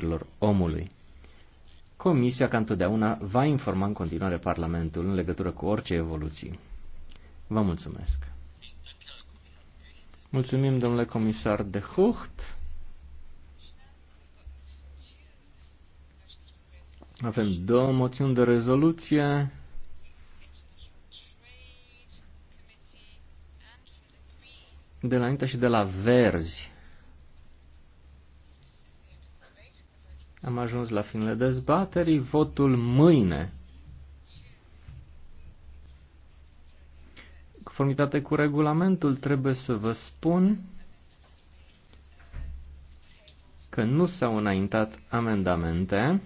drepturilor omului. Comisia, ca întotdeauna, va informa în continuare Parlamentul în legătură cu orice evoluții. Vă mulțumesc! Mulțumim, domnule comisar de Hucht. Avem două moțiuni de rezoluție. De la INTA și de la Verzi. Am ajuns la finele dezbaterii. Votul mâine. Conformitate cu regulamentul, trebuie să vă spun că nu s-au înaintat amendamente.